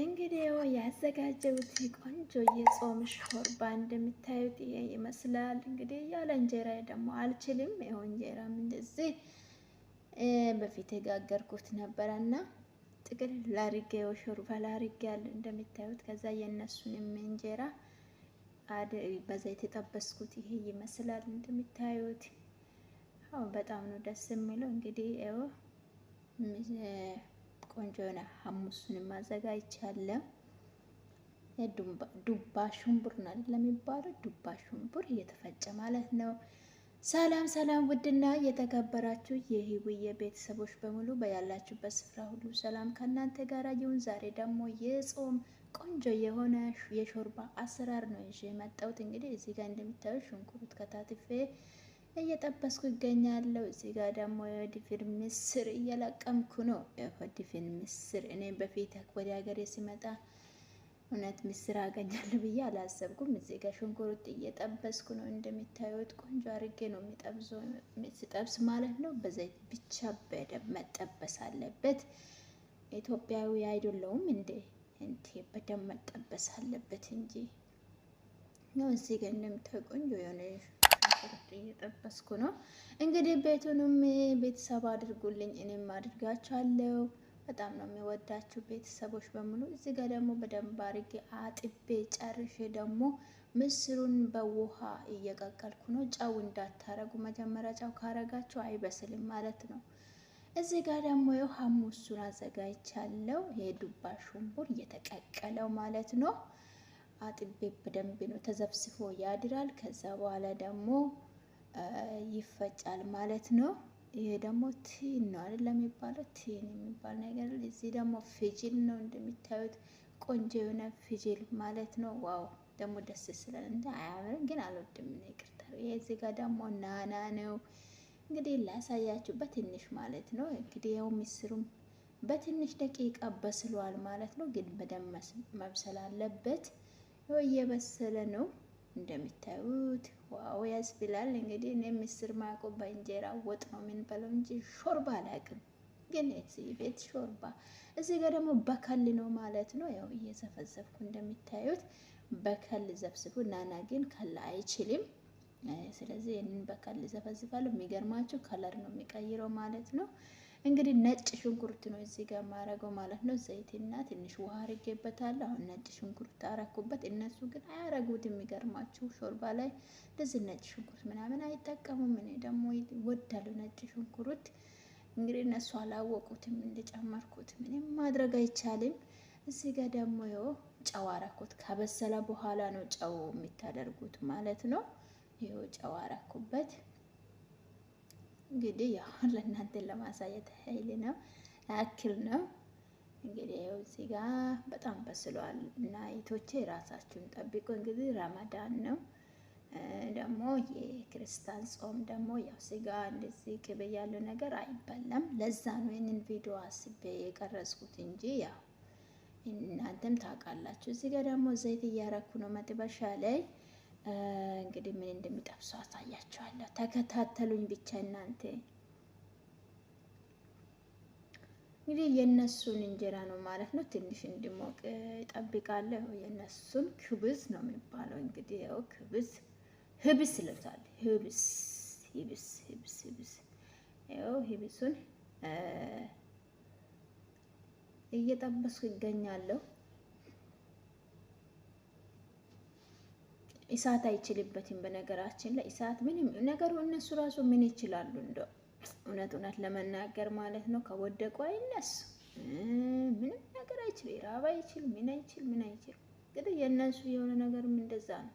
እንግዲህ ያዘጋጀሁት ቆንጆ የጾም ሾርባ እንደምታዩት ይሄ ይመስላል። እንግዲህ ያለ እንጀራ ደግሞ አልችልም። ይኸው እንጀራም እንደዚህ በፊት የጋገርኩት ነበረ ጥቅል ላርጌ ሾርባ ላርጌ ያለ እንደምታዩት። ከዛ የእነሱንም እንጀራ በዛ የተጠበስኩት ይሄ ይመስላል እንደምታዩት። በጣም ነው ደስ የሚለው እንግዲህ ቆንጆ የሆነ ሀሙሱንም አዘጋጅቻለሁ። ዱባ ሽንቡር ነው የሚባለው? ዱባ ሽንቡር እየተፈጨ ማለት ነው። ሰላም ሰላም! ውድና የተከበራችሁ የህይወት ቤተሰቦች በሙሉ በያላችሁበት ስፍራ ሁሉ ሰላም ከእናንተ ጋር ይሁን። ዛሬ ደግሞ የጾም ቆንጆ የሆነ የሾርባ አሰራር ነው ይዤ የመጣሁት። እንግዲህ እዚህ ጋር እንደሚታዩት ሽንኩርት ከታትፌ እየጠበስኩ ይገኛለሁ። እዚህ ጋር ደግሞ የወዲፊር ምስር እየለቀምኩ ነው። የወዲፊር ምስር እኔም በፊት ወደ ሀገሬ ሲመጣ እውነት ምስር አገኛለሁ ብዬ አላሰብኩም። እዚህ ጋር ሽንኩርት እየጠበስኩ ነው። እንደሚታዩት ቆንጆ አድርጌ ነው የሚጠብስ ማለት ነው። በዘይት ብቻ በደንብ መጠበስ አለበት። ኢትዮጵያዊ አይደለውም እንዴ? እንዴ በደንብ መጠበስ አለበት እንጂ ነው። እዚህ ጋር እንደምታዩ ቆንጆ የሆነ እየጠበስኩ ነው። እንግዲህ ቤቱንም ቤተሰብ አድርጉልኝ፣ እኔም አድርጋችኋለሁ። በጣም ነው የሚወዳችሁ ቤተሰቦች በሙሉ። እዚህ ጋር ደግሞ በደንብ አድርጌ አጥቤ ጨርሼ ደግሞ ምስሩን በውሃ እየቀቀልኩ ነው። ጨው እንዳታረጉ፣ መጀመሪያ ጨው ካረጋችሁ አይበስልም ማለት ነው። እዚህ ጋር ደግሞ ይኸው ሐሙሱን አዘጋጅቻለሁ። የዱባ ሽንቡር እየተቀቀለው ማለት ነው። አጥቤ በደንብ ነው ተዘብስፎ ያድራል። ከዛ በኋላ ደግሞ ይፈጫል ማለት ነው። ይሄ ደግሞ ቲን ነው አይደል የሚባለው፣ ቲን የሚባል ነገር እዚህ ደግሞ ፍጅል ነው እንደሚታዩት ቆንጆ የሆነ ፍጅል ማለት ነው። ዋው ደግሞ ደስ ስላል እንደ አያምርም፣ ግን አልወድም ነው ይቅርታ። ይሄ ጋር ደግሞ ናና ነው እንግዲህ ላሳያችሁ በትንሽ ማለት ነው። እንግዲህ ያው ምስሩም በትንሽ ደቂቃ በስሏል ማለት ነው። ግን በደንብ መብሰል አለበት። ይኸው እየበሰለ ነው እንደሚታዩት ዋው ያስብላል። እንግዲህ እኔ ምስር ማቆ በእንጀራ ወጥ ነው የምንበለው እንጂ ሾርባ አላውቅም። ግን ቤት ሾርባ እዚህ ጋር ደግሞ በከል ነው ማለት ነው። ያው እየዘፈዘፍኩ እንደሚታዩት በከል ዘፍዝፉ። ናና ግን ከል አይችልም። ስለዚህ ይህንን በከል ዘፈዝፋለሁ። የሚገርማችሁ ከለር ነው የሚቀይረው ማለት ነው። እንግዲህ ነጭ ሽንኩርት ነው እዚህ ጋር ማረገው ማለት ነው። ዘይትና ትንሽ ውሃ አርጌበታለሁ። አሁን ነጭ ሽንኩርት አረኩበት። እነሱ ግን አያረጉት። የሚገርማችሁ ሾርባ ላይ እንደዚህ ነጭ ሽንኩርት ምናምን አይጠቀሙም። እኔ ደግሞ ወዳለሁ ነጭ ሽንኩርት እንግዲህ እነሱ አላወቁትም እንደጨመርኩት። ምንም ማድረግ አይቻልም። እዚህ ጋር ደግሞ ይኸው ጨው አረኩት። ከበሰለ በኋላ ነው ጨው የሚታደርጉት ማለት ነው። ይኸው ጨው አረኩበት። እንግዲህ ያው ለእናንተን ለማሳየት ኃይል ነው ያክል ነው። እንግዲህ ያው እዚህ ጋር በጣም በስሏል እና የቶቼ ራሳችሁን ጠብቁ። እንግዲህ ረመዳን ነው ደግሞ የክርስቲያን ጾም ደግሞ ያው ስጋ እንደዚህ ቅቤ ያለው ነገር አይበላም። ለዛ ነው ይህንን ቪዲዮ አስቤ የቀረጽኩት እንጂ ያው እናንተም ታውቃላችሁ። እዚህ ጋር ደግሞ ዘይት እያረኩ ነው መጥበሻ ላይ እንግዲህ ምን እንደሚጠብሱ አሳያችኋለሁ። ተከታተሉኝ ብቻ እናንተ። እንግዲህ የእነሱን እንጀራ ነው ማለት ነው። ትንሽ እንዲሞቅ ይጠብቃለሁ። የእነሱን ክብዝ ነው የሚባለው እንግዲህ ያው ክብዝ ህብስ ይለብሳል። ህብስ ህብስ ህብስ ህብስ ያው ህብሱን እየጠበስኩ ይገኛለሁ። እሳት አይችልበትም። በነገራችን ላይ እሳት ምንም ነገሩ እነሱ ራሱ ምን ይችላሉ? እንደ እውነት እውነት ለመናገር ማለት ነው ከወደቁ አይነሱ ምንም ነገር አይችል፣ ራብ አይችል፣ ምን አይችል፣ ምን አይችል። እንግዲህ የእነሱ የሆነ ነገርም እንደዛ ነው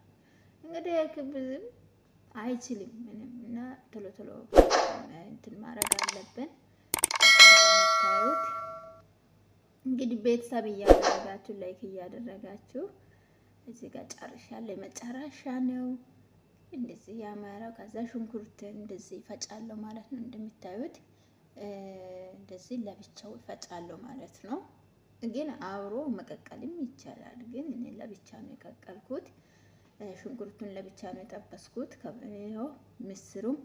እንግዲህ ክብዝም አይችልም ምንም እና ቶሎ ቶሎ እንትን ማድረግ አለብን። እንግዲህ ቤተሰብ እያደረጋችሁ ላይክ እያደረጋችሁ እዚህ ጋር ጨርሻለሁ። የመጨረሻ ነው እንደዚህ ያማረው። ከዛ ሽንኩርት እንደዚህ ይፈጫለሁ ማለት ነው። እንደሚታዩት እንደዚህ ለብቻው ይፈጫለሁ ማለት ነው። ግን አብሮ መቀቀልም ይቻላል። ግን እኔ ለብቻ ነው የቀቀልኩት። ሽንኩርቱን ለብቻ ነው የጠበስኩት። ይኸው ምስሩም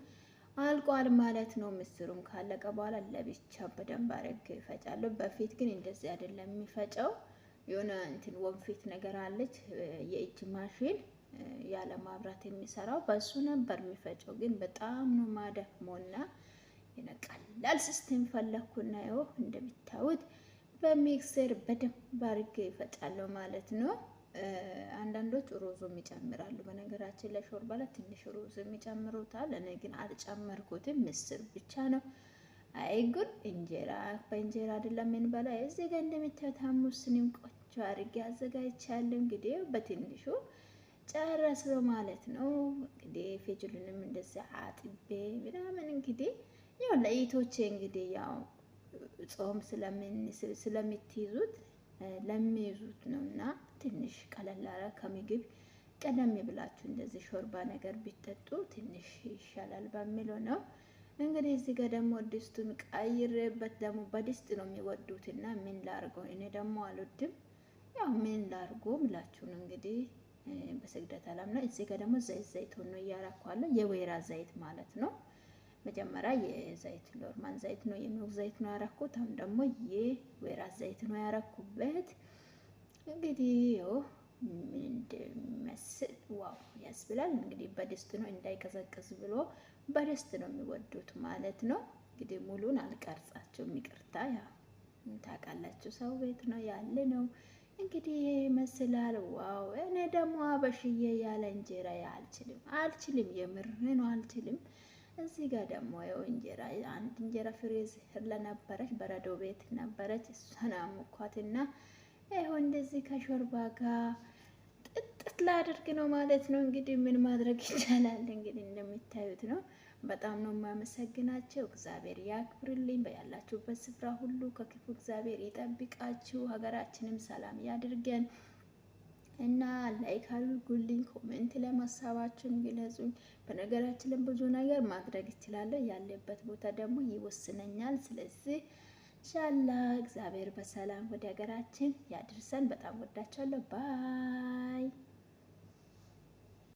አልቋል ማለት ነው። ምስሩም ካለቀ በኋላ ለብቻ በደንብ አድርጌ ይፈጫለሁ። በፊት ግን እንደዚህ አይደለም የሚፈጨው የሆነ እንትን ወንፊት ነገር አለች የእጅ ማሽን ያለ ማብራት የሚሰራው በሱ ነበር የሚፈጨው። ግን በጣም ነው ማደክሞና ቀላል ሲስተም ፈለግኩና ይኸው እንደሚታዩት በሚክሰር በደንብ አድርጌ ይፈጫለሁ ማለት ነው። አንዳንዶች ሩዙም ይጨምራሉ። በነገራችን ላይ ሾርባ ላይ ትንሽ ሩዝም ይጨምሩታል። እኔ ግን አልጨመርኩትም፣ ምስር ብቻ ነው። አይ ጉድ! እንጀራ በእንጀራ አይደለም እንበላ። እዚህ ጋር እንደምታዩት ሐሙስ ስኒም ቆጭ ቆንጆ አድርጌ አዘጋጅቻለሁ። እንግዲህ በትንሹ ጨረስኩ ማለት ነው። እንግዲህ ፌጅሉንም እንደዚህ አጥቤ ምናምን እንግዲህ ያው ለኢቶቼ እንግዲህ ያው ጾም ስለምትይዙት ለሚይዙት ነው እና ትንሽ ቀለል ከምግብ ቀደም ብላችሁ እንደዚህ ሾርባ ነገር ቢጠጡ ትንሽ ይሻላል በሚለው ነው። እንግዲህ እዚህ ጋር ደግሞ ድስቱን ቀይሬበት ደግሞ በድስት ነው እና ምን ላርገው እኔ ደግሞ አልወድም። ያው ምን ላርጎ ምላችሁ ነው እንግዲህ በስግደት አላም ነው። እዚህ ጋር ደግሞ ዘይት ዘይቱን ነው እያራኳለሁ የወይራ ዘይት ማለት ነው። መጀመሪያ የዘይት ሎርማን ዘይት ነው የኑግ ዘይት ነው ያረኩት። አሁን ደግሞ የወይራ ዘይት ነው ያረኩበት። እንግዲህ ያው እንደሚመስል ዋው ያስብላል። እንግዲህ በድስት ነው እንዳይቀዘቅዝ ብሎ በድስት ነው የሚወዱት ማለት ነው። እንግዲህ ሙሉን አልቀርጻቸውም ይቅርታ። ያው ታውቃላችሁ ሰው ቤት ነው ያለ ነው። እንግዲህ ይሄ ይመስላል። ዋው! እኔ ደግሞ አበሽዬ ያለ እንጀራ አልችልም አልችልም፣ የምር ነው አልችልም። እዚህ ጋር ደግሞ ያው እንጀራ አንድ እንጀራ ፍሬዝ ለነበረች በረዶ ቤት ነበረች፣ እሷን አሞኳትና ይኸው እንደዚህ ከሾርባ ጋር እጥት ላድርግ ነው ማለት ነው። እንግዲህ ምን ማድረግ ይቻላል? እንግዲህ እንደሚታዩት ነው። በጣም ነው የማመሰግናቸው። እግዚአብሔር ያክብርልኝ። በያላችሁበት ስፍራ ሁሉ ከክፉ እግዚአብሔር ይጠብቃችሁ። ሀገራችንም ሰላም ያድርገን እና ላይክ አድርጉልኝ፣ ኮሜንት ለማሳባችሁን ግለጹኝ። በነገራችን ብዙ ነገር ማድረግ ይችላለሁ። ያለበት ቦታ ደግሞ ይወስነኛል። ስለዚህ ሻላ እግዚአብሔር በሰላም ወደ ሀገራችን ያድርሰን። በጣም ወዳቸዋለሁ ባይ